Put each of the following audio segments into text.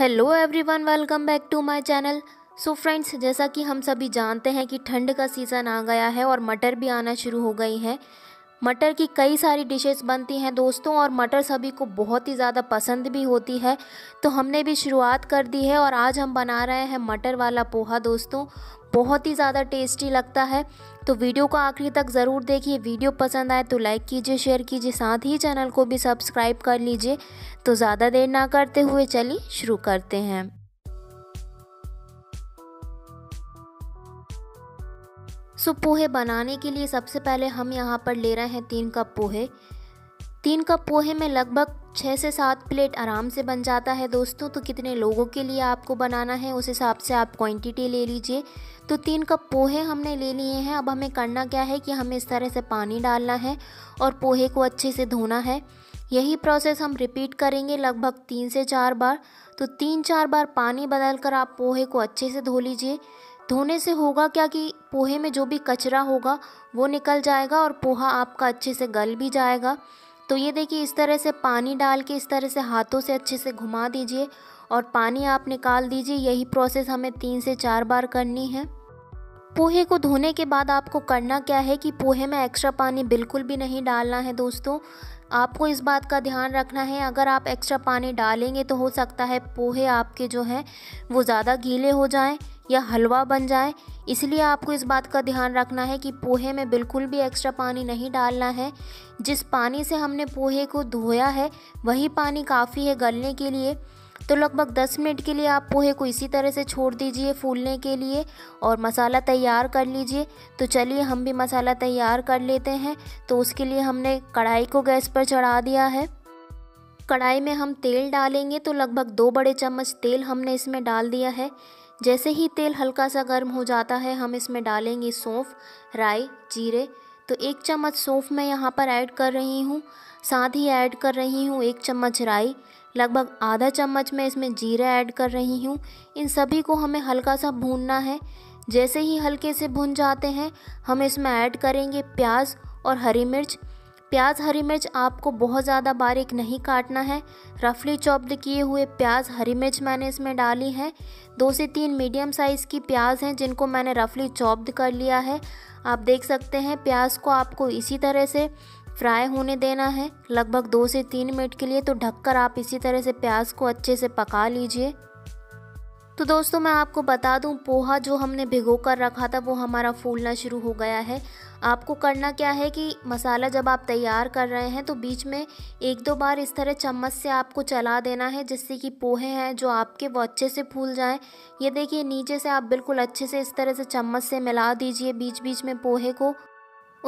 hello everyone welcome back to my channel so friends जैसा कि हम सभी जानते हैं कि ठंड का सीज़न आ गया है और मटर भी आना शुरू हो गई है मटर की कई सारी डिशेस बनती हैं दोस्तों और मटर सभी को बहुत ही ज़्यादा पसंद भी होती है तो हमने भी शुरुआत कर दी है और आज हम बना रहे हैं मटर वाला पोहा दोस्तों बहुत ही ज़्यादा टेस्टी लगता है तो वीडियो को आखिरी तक ज़रूर देखिए वीडियो पसंद आए तो लाइक कीजिए शेयर कीजिए साथ ही चैनल को भी सब्सक्राइब कर लीजिए तो ज़्यादा देर ना करते हुए चलिए शुरू करते हैं सो पोहे बनाने के लिए सबसे पहले हम यहाँ पर ले रहे हैं तीन कप पोहे तीन कप पोहे में लगभग छः से सात प्लेट आराम से बन जाता है दोस्तों तो कितने लोगों के लिए आपको बनाना है उस हिसाब से आप क्वांटिटी ले लीजिए तो तीन कप पोहे हमने ले लिए हैं अब हमें करना क्या है कि हमें इस तरह से पानी डालना है और पोहे को अच्छे से धोना है यही प्रोसेस हम रिपीट करेंगे लगभग तीन से चार बार तो तीन चार बार पानी बदल कर आप पोहे को अच्छे से धो लीजिए धोने से होगा क्या कि पोहे में जो भी कचरा होगा वो निकल जाएगा और पोहा आपका अच्छे से गल भी जाएगा तो ये देखिए इस तरह से पानी डाल के इस तरह से हाथों से अच्छे से घुमा दीजिए और पानी आप निकाल दीजिए यही प्रोसेस हमें तीन से चार बार करनी है पोहे को धोने के बाद आपको करना क्या है कि पोहे में एक्स्ट्रा पानी बिल्कुल भी नहीं डालना है दोस्तों आपको इस बात का ध्यान रखना है अगर आप एक्स्ट्रा पानी डालेंगे तो हो सकता है पोहे आपके जो हैं वो ज़्यादा गीले हो जाएं या हलवा बन जाए इसलिए आपको इस बात का ध्यान रखना है कि पोहे में बिल्कुल भी एक्स्ट्रा पानी नहीं डालना है जिस पानी से हमने पोहे को धोया है वही पानी काफ़ी है गलने के लिए तो लगभग 10 मिनट के लिए आप पोहे को इसी तरह से छोड़ दीजिए फूलने के लिए और मसाला तैयार कर लीजिए तो चलिए हम भी मसाला तैयार कर लेते हैं तो उसके लिए हमने कढ़ाई को गैस पर चढ़ा दिया है कढ़ाई में हम तेल डालेंगे तो लगभग दो बड़े चम्मच तेल हमने इसमें डाल दिया है जैसे ही तेल हल्का सा गर्म हो जाता है हम इसमें डालेंगे सौंफ राई जीरे तो एक चम्मच सौंफ मैं यहाँ पर ऐड कर रही हूँ साथ ही ऐड कर रही हूँ एक चम्मच राई लगभग आधा चम्मच मैं इसमें जीरा ऐड कर रही हूँ इन सभी को हमें हल्का सा भूनना है जैसे ही हल्के से भुन जाते हैं हम इसमें ऐड करेंगे प्याज और हरी मिर्च प्याज हरी मिर्च आपको बहुत ज़्यादा बारीक नहीं काटना है रफली चॉप्ड किए हुए प्याज हरी मिर्च मैंने इसमें डाली है दो से तीन मीडियम साइज़ की प्याज हैं जिनको मैंने रफली चॉप्ड कर लिया है आप देख सकते हैं प्याज को आपको इसी तरह से फ्राई होने देना है लगभग दो से तीन मिनट के लिए तो ढककर आप इसी तरह से प्याज को अच्छे से पका लीजिए तो दोस्तों मैं आपको बता दूं पोहा जो हमने भिगो कर रखा था वो हमारा फूलना शुरू हो गया है आपको करना क्या है कि मसाला जब आप तैयार कर रहे हैं तो बीच में एक दो बार इस तरह चम्मच से आपको चला देना है जिससे कि पोहे हैं जो आपके वो अच्छे से फूल जाएं ये देखिए नीचे से आप बिल्कुल अच्छे से इस तरह से चम्मच से मिला दीजिए बीच बीच में पोहे को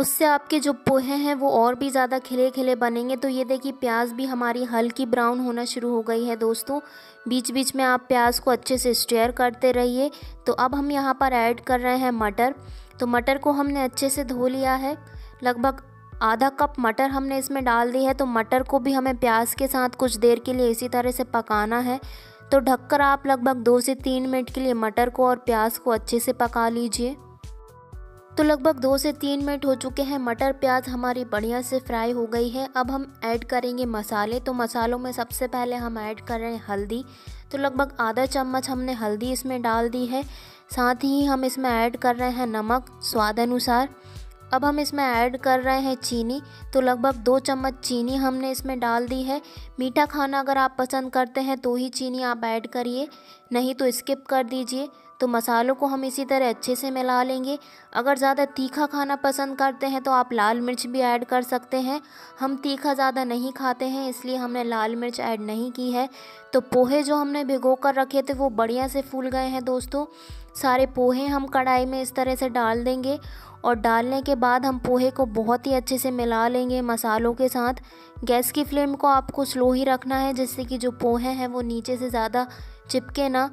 उससे आपके जो पोहे हैं वो और भी ज़्यादा खिले खिले बनेंगे तो ये देखिए प्याज भी हमारी हल्की ब्राउन होना शुरू हो गई है दोस्तों बीच बीच में आप प्याज को अच्छे से स्टेयर करते रहिए तो अब हम यहाँ पर ऐड कर रहे हैं मटर तो मटर को हमने अच्छे से धो लिया है लगभग आधा कप मटर हमने इसमें डाल दी है तो मटर को भी हमें प्याज के साथ कुछ देर के लिए इसी तरह से पकाना है तो ढककर आप लगभग दो से तीन मिनट के लिए मटर को और प्याज को अच्छे से पका लीजिए तो लगभग दो से तीन मिनट हो चुके हैं मटर प्याज हमारी बढ़िया से फ्राई हो गई है अब हम ऐड करेंगे मसाले तो मसालों में सबसे पहले हम ऐड कर रहे हैं हल्दी तो लगभग आधा चम्मच हमने हल्दी इसमें डाल दी है साथ ही हम इसमें ऐड कर रहे हैं नमक स्वाद अनुसार अब हम इसमें ऐड कर रहे हैं चीनी तो लगभग दो चम्मच चीनी हमने इसमें डाल दी है मीठा खाना अगर आप पसंद करते हैं तो ही चीनी आप ऐड करिए नहीं तो स्किप कर दीजिए तो मसालों को हम इसी तरह अच्छे से मिला लेंगे अगर ज़्यादा तीखा खाना पसंद करते हैं तो आप लाल मिर्च भी ऐड कर सकते हैं हम तीखा ज़्यादा नहीं खाते हैं इसलिए हमने लाल मिर्च ऐड नहीं की है तो पोहे जो हमने भिगो कर रखे थे वो बढ़िया से फूल गए हैं दोस्तों सारे पोहे हम कढ़ाई में इस तरह से डाल देंगे और डालने के बाद हम पोहे को बहुत ही अच्छे से मिला लेंगे मसालों के साथ गैस की फ्लेम को आपको स्लो ही रखना है जिससे कि जो पोहे हैं वो नीचे से ज़्यादा चिपके ना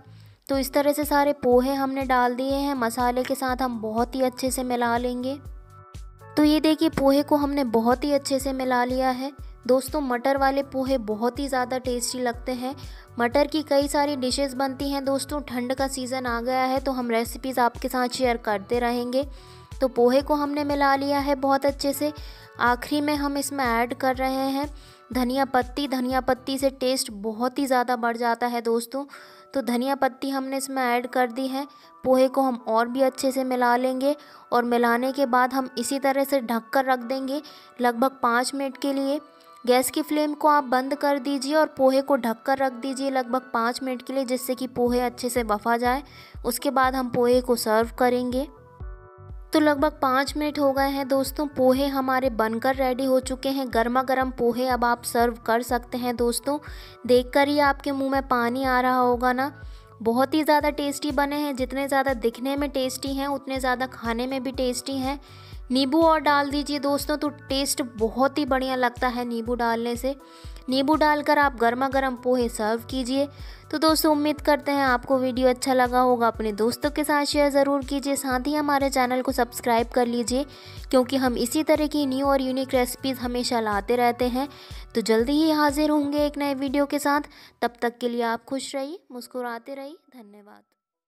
तो इस तरह से सारे पोहे हमने डाल दिए हैं मसाले के साथ हम बहुत ही अच्छे से मिला लेंगे तो ये देखिए पोहे को हमने बहुत ही अच्छे से मिला लिया है दोस्तों मटर वाले पोहे बहुत ही ज़्यादा टेस्टी लगते हैं मटर की कई सारी डिशेस बनती हैं दोस्तों ठंड का सीज़न आ गया है तो हम रेसिपीज़ आपके साथ शेयर करते रहेंगे तो पोहे को हमने मिला लिया है बहुत अच्छे से आखिरी में हम इसमें ऐड कर रहे हैं धनिया पत्ती धनिया पत्ती से टेस्ट बहुत ही ज़्यादा बढ़ जाता है दोस्तों तो धनिया पत्ती हमने इसमें ऐड कर दी है पोहे को हम और भी अच्छे से मिला लेंगे और मिलाने के बाद हम इसी तरह से ढक कर रख देंगे लगभग पाँच मिनट के लिए गैस की फ्लेम को आप बंद कर दीजिए और पोहे को ढक कर रख दीजिए लगभग पाँच मिनट के लिए जिससे कि पोहे अच्छे से बफा जाए उसके बाद हम पोहे को सर्व करेंगे तो लगभग पाँच मिनट हो गए हैं दोस्तों पोहे हमारे बनकर रेडी हो चुके हैं गर्मा गर्म पोहे अब आप सर्व कर सकते हैं दोस्तों देखकर ही आपके मुंह में पानी आ रहा होगा ना बहुत ही ज़्यादा टेस्टी बने हैं जितने ज़्यादा दिखने में टेस्टी हैं उतने ज़्यादा खाने में भी टेस्टी हैं नींबू और डाल दीजिए दोस्तों तो टेस्ट बहुत ही बढ़िया लगता है नींबू डालने से नींबू डालकर आप गर्मा गर्म पोहे सर्व कीजिए तो दोस्तों उम्मीद करते हैं आपको वीडियो अच्छा लगा होगा अपने दोस्तों के साथ शेयर ज़रूर कीजिए साथ ही हमारे चैनल को सब्सक्राइब कर लीजिए क्योंकि हम इसी तरह की न्यू और यूनिक रेसिपीज़ हमेशा लाते रहते हैं तो जल्दी ही हाजिर होंगे एक नए वीडियो के साथ तब तक के लिए आप खुश रहिए मुस्कुराते रहिए धन्यवाद